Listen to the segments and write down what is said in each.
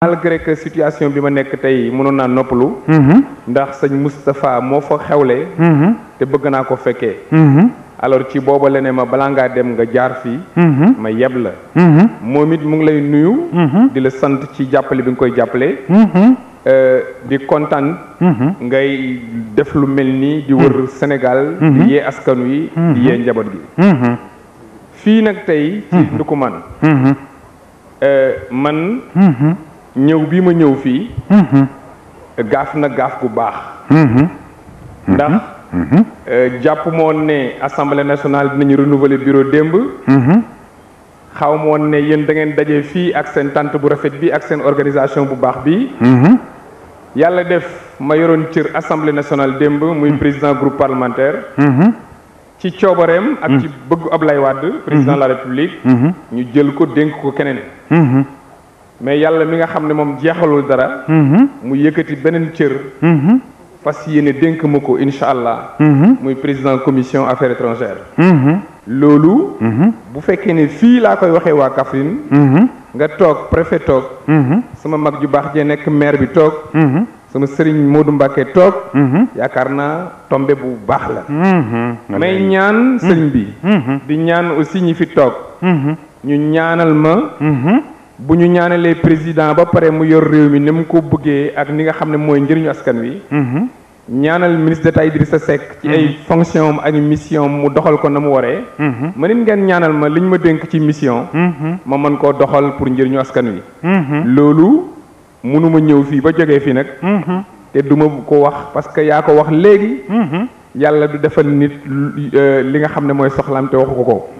malgré que situation bi ma nekk tey mënoon naa noppalu mhm. ndax sëñ Moustapha moo fa xewle mhm. te bëgg naa ko fekkee mhm. alors ci booba la ne ma balaa ngaa dem nga jaar fi ma yeb la moom it mu ngi lay nuyu di la sant ci jàppale bi nga koy jàppale euh, di kontaan ngay def lu mel nii di wër Sénégal di yee askan wi yee njaboot gi fii nag tey ci Ndoukoumane euh, man ñëw bii ma ñëw fii mm-hmm. gaaf na gaaf gu baax mm-hmm. ndax mm-hmm. Euh, jàpp moon ne assemblée nationale dina ñu renouveler bureau démb xaw moon ne yéen dangeen daje fii ak seen tant bu rafet bi ak seen organisation bu baax bi yàlla def ma yoroon cër assemblée nationale démb muy président groupe parlementaire ci coobareem ak ci bëggu Ablaye Wade président la république ñu jël ko dénk ko keneen mais yàlla mi nga xam ne moom jeexalul dara mm-hmm. mu yëkkati beneen cër mm-hmm. fas yéene dénk ma ko incha allah mm-hmm. muy président commission affaires étrangères loolu bu fekkee ne fii laa koy waxee waa Kaffrine nga toog préfet toog sama mag ju baax jee nekk maire bi toog sama sëriñ Modou Mbacke toog yaakaar naa tombe bu baax la may ñaan sëriñ bi di ñaan aussi ñi fi toog ñu ñaanal ma bu ñu ñaanalee président ba pare mu yor réew mi ni mu ko bëggee ak ni nga xam ne mooy njëriñu askan wi. Mhm. ñaanal ministre d'État Idrissa Seck. ci ay mhm. fonction am ak mission mu doxal ko na mu waree. Mhm. ma nit ngeen ñaanal ma liñ ma dénk ci mission. ma mën koo doxal pour njëriñu askan wi. loolu mënuma ñëw fii ba jógee fii nag. te duma ko wax parce que yaa ko wax léegi. yàlla du defal nit euh, li nga xam ne mooy te waxu ko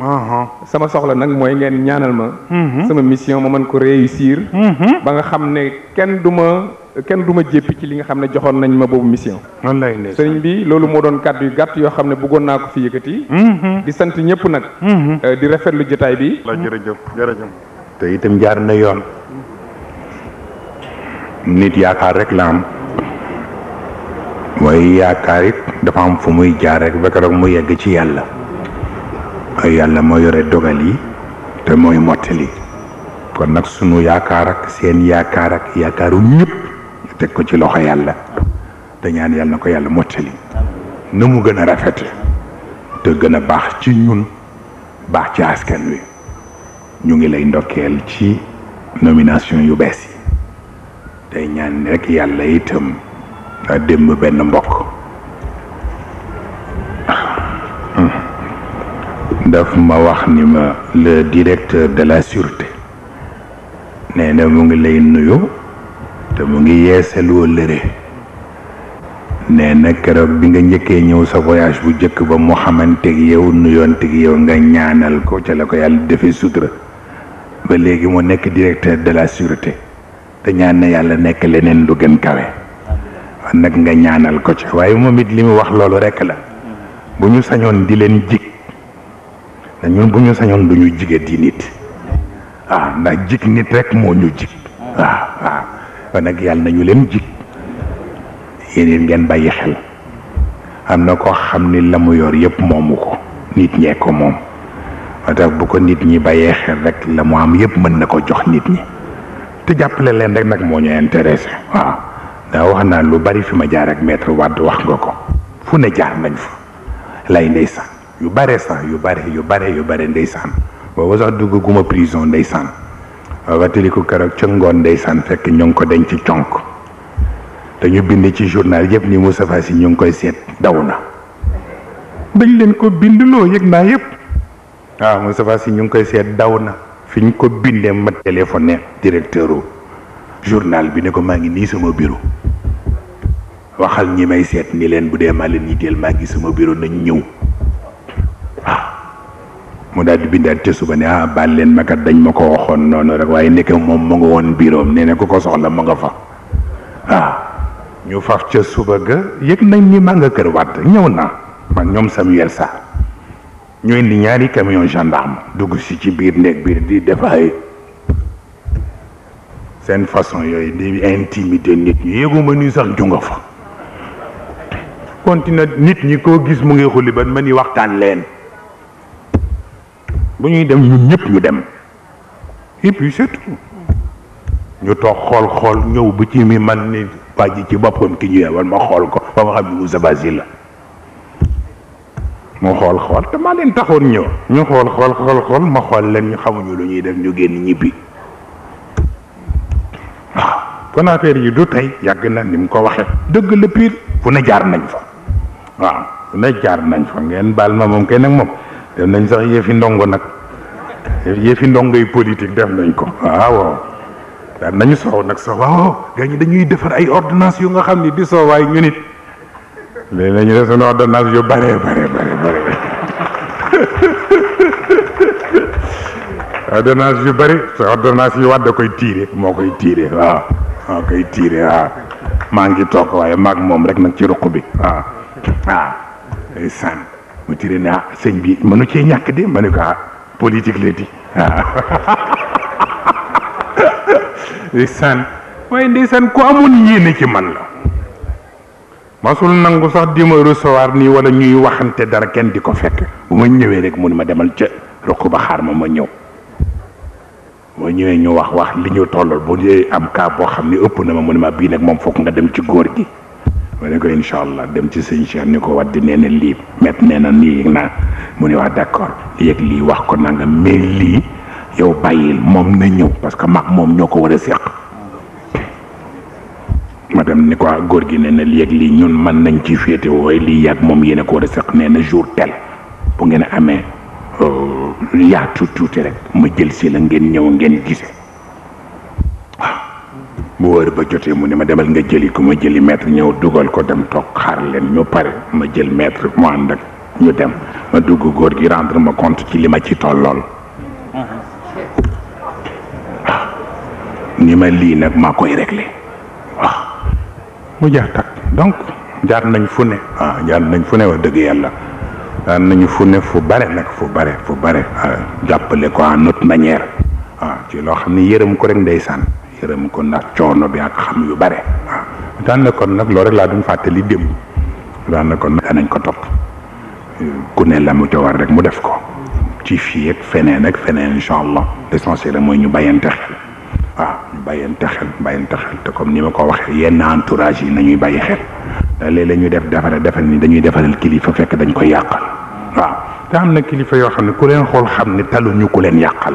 sama soxla nag mooy ngeen ñaanal ma mhm. sama mission ma mën ko réussir mhm. ba nga xam ne kenn du ma kenn du ma jéppi ci li nga xam ne joxoon nañ ma boobu mission sëriñ bi loolu moo doon kàddu yu gàtt yoo xam ne bëggoon ko fi yëkkati mhm. di sant ñëpp nag euh, di rafetlu jotaay bi jërëjëf jërëjëf te itam jaar na yoon nit yaakaar rek la am waaye yaakaar it dafa am fu muy jaar rek ba keroog mu yegg ci yàlla ay yàlla moo yore dogal yi te mooy mottali kon nag sunu yaakaar ak seen yaakaar ak yaakaaru ñëpp teg ko ci loxo yàlla te ñaan yàlla na ko yàlla mottali na mu gën a rafet te gën a baax ci ñun baax ci askan wi ñu ngi lay ndokkeel ci nomination yu bees yi tey ñaan rek yàlla itam démb benn mbokk daf ma wax ni ma le directeur de la surté nee na mu ngi lay nuyu te mu ngi yeesal wëllëre nee na keroog bi nga njëkkee ñëw sa voyage bu njëkk ba mu xamanteeg yow nuyoonteeg yow nga ñaanal ko ca la ko yàlla defee sutura ba léegi mu nekk directeur de la sûreté te ñaan na yàlla nekk leneen lu gën kawe nag nga ñaanal ko ca waaye moom it li mu wax loolu rekk la bu ñu sañoon di leen jig te ñun bu ñu sañoon du ñu jige di nit waaw ndax jig nit rek moo ñu jig waaw waaw kon nag yàlla nañu leen jig yéen ngeen bàyyi xel am na koo xam ni la mu yor yëpp moomu ko nit ñee ko moom moo tax bu ko nit ñi bàyyee xel rek la mu am yëpp mën na ko jox nit ñi te jàppale leen rek nag moo ñu intéressé waaw daa wax naa lu bari fi ma jaar ak maître Wade wax nga ko fu ne jaar nañ fa lay ndey sax yu bare sax yu bare yu bare yu bare ndeysaan booba sax duggaguma prison ndeysaan wataliku keroog ca ngoon ndeysaan fekk ñu ngi ko denc ci conk te ñu bind ci journal yëpp ni Moustapha Sy ñu ngi koy seet daw na dañ leen ko bind loo yëg naa yëpp waaw ah, Moustapha Sy ñu ngi koy seet daw na fi ñu ko bindee ma téléphoné directeur journal bi ne ko maa ngi nii sama bureau waxal ñi may seet ni leen bu dee maa leen yitteel maa ngi sama biro nañ ñëw mu daal di bindaat ca suba ne ah baal leen ma dañ ma ko waxoon noonu rek waaye nekk moom mu nga woon biiroom nee na ku ko soxla mu nga fa waaw ah, ñu faf ca suba ga yëg nañ ni maa nga kër wàdd ñëw naa man ñoom Samuel Sarr ñu indi ñaari camion gendarme dugg si ci biir néeg biir di def ay seen façon yooyu di intimider nit ñi yëguma ni sax ju fa continue nit ñi koo gis mu ngi xuli ban ma ni waxtaan leen bu ñuy dem ñun ñëpp ñu dem et ñu toog xool xool ñëw ba ci mi man ni waa ji ci boppam ki ñu yebal ma xool ko ba ma xam ni Moussa Basile la mu xool xool te ma leen taxoon ñëw ñu xool xool xool xool ma xool leen ñu xamuñu lu ñuy dem ñu génn ñibbi waaw ah, kon affaire yi du tey yàgg na ni mu ko waxee dëgg la piir fu ne jaar nañ fa waaw fu ne jaar nañ fa ngeen baal ma moom kenn ak moom dem nañ sax yefi ndongo nak, yefi ndongo politique dem nañ ko waaw daan nañu soow nak sax waaw gañu dañuy defar ay ordonnance yu nga xamni ni di so way ñunit lé lañu la ñu def ordonnance yu bare bare bare bare ordonnance yu bare sa ordonnance yu da koy tiré mo koy tiré waaw mo koy tiré waaw maa ngi toog waaye maag rek nak ci ruq bi waaw waaw ay sante mu tire na señ bi manu ci ñak de ma ko politique le di ndeysaan waaye ndeysaan ku amun yene ci man la masul nangu sax di ma recevoir ni wala ñuy waxante dara ken diko fekk bu ma ñewé rek mu ma demal ci roku ba xaar ma ma ñew ma ñewé ñu wax wax li ñu tollal bu ñe am ka bo xamni ëpp na ma mu ma bi nak mom fokk nga dem ci gor gi ma ne ko incha allah dem ci sëñ Cheikh ni ko waddi nee lii met nee na nii naa mu ne wax d'accord lii ak lii wax ko nanga mais lii yow bàyyil moom na ñëw parce que mag moom ñoo ko war a seq ma dem ni ko góor gi nee na lii ñun mën nañ ci féete wooy lii yàgg moom yéen a ko war a seq nee na jour tel bu ngeen amee euh, yaatu tuuti rek ma jël si la ngeen ñëw ngeen gise bu wër ba jotee mu ni ma demal nga jëli ku ma jëli maître ñëw dugal ko dem toog xaar leen ñu pare ma jël metre mu ànd ak ñu dem ma dugg góor gi rendre ma compte ci li ma ci tollool ni ma lii nag maa koy réglé mu jaar tak donc jaar nañ fu ne ah jaar nañ fu ne wax dëgg yàlla jaar nañu fu ne fu bare nag fu bare fu bare ah, jàppale ko en autre manière waaw ah, ci loo xam ne yërëm ko rek ndeysaan yërëm ko ndax coono bi ak xam yu bare waaw daan na kon nag loolu rek laa fàtte li dem daan na kon nag danañ ko topp ku ne la mu ca war rek mu def ko ci fii ak feneen ak feneen incha allah l'essentiel mooy ñu bayante xel waaw ñu bayante xel bayante xel te comme ni ma ko waxee yenn entourage yi nañuy bàyyi xel da léeg la ñu def defare defal ni dañuy defaral kilifa fekk dañ koy yàqal waaw te am na kilifa yoo xam ne ku leen xool xam ne taluñu ku leen yàqal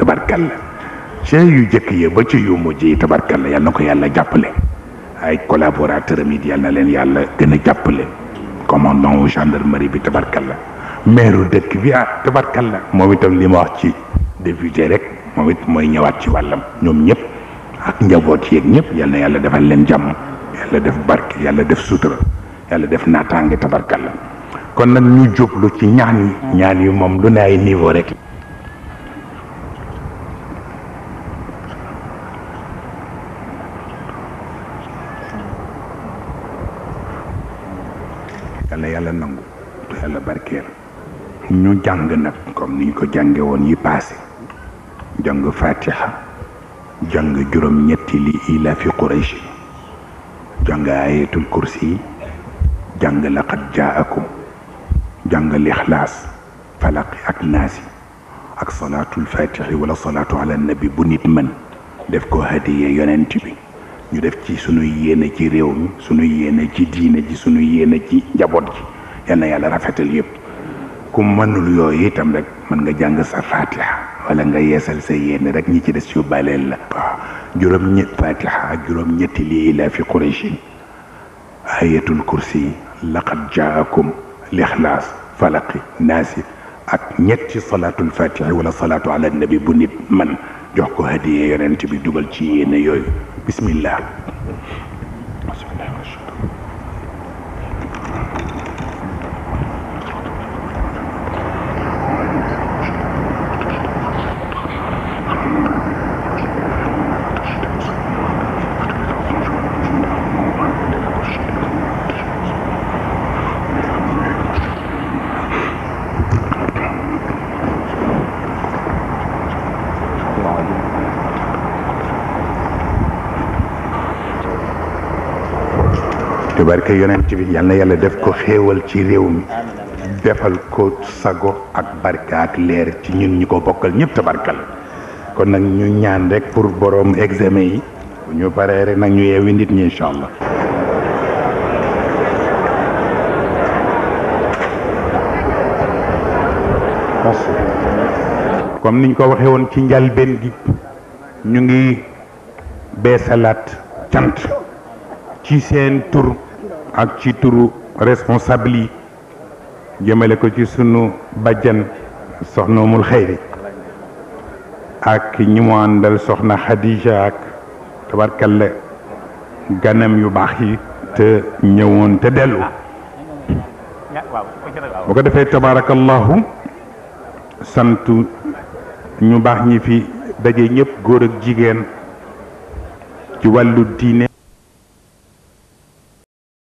la ci yu jëkk yi ba ci yu mujj yi la yàlla na ko yàlla jàppale ay collaborateur am it na leen yàlla gën a jàppale commandant wu gendarmerie bi la maire dëkk bi ah la moom itam li ma wax ci député rek moom it mooy ñëwaat ci wàllam ñoom ñëpp ak njaboot yeeg ñëpp yal na yàlla defal leen jàmm yàlla def barke yàlla def sutura yàlla def naataange tabarkalla kon nag ñu jublu ci ñaan yi ñaan yi moom lu ne ay niveau yàlla nangu ñu jàng nag comme niñ ko jànge woon yi paase jàng fatiha jàng juróom ñetti li ila fi quraysh jàng ayatul kursi jàng laqad jaakum jàng lixlaas falaqi ak naasi ak salaatul fatixi wala salaatu ala nabi bu nit mën def ko hadiye yonent bi ñu def ci sunu yéene ci réew mi sunu yéene ci diine ji sunu yéene ci njaboot ji yal na yàlla rafetal yëpp ku mënul yooyu itam rek mën nga jàng sa fatiha wala nga yeesal sa yéene rek ñi ci des yóbbaaleel la waaw juróom ñett fatiha ak juróom ñetti lii laa fi qurayshin ayatul kursi laqad jaakum lixlaas falaqi naasi ak ñetti salaatul fatihi wala salaatu ala nabi bu nit man jox ko hadiye yonent bi dugal ci yéene yooyu bismillah ci barke ci bi yal na yàlla def ko xéewal ci réew mi defal ko sago ak barke ak leer ci ñu ñi ko bokkal ñëpp tabarkal kon nag ñu ñaan rek pour borom examen yi bu ñu paree rek nag ñu yeewi nit ñi incha allah comme niñ ko waxee woon ci njalbeen gi ñu ngi beesalaat cant ci seen tur ak ci turu responsable yi jëmale ko ci sunu bajjan soxna mul xayri ak ñi mo àndal soxna Xadija ak tabarkalla ganam yu bax yi te ñëwoon te delu bu ko defee tabarakallah sant ñu bax ñi fi daje ñëpp góor ak jigéen ci wàllu diine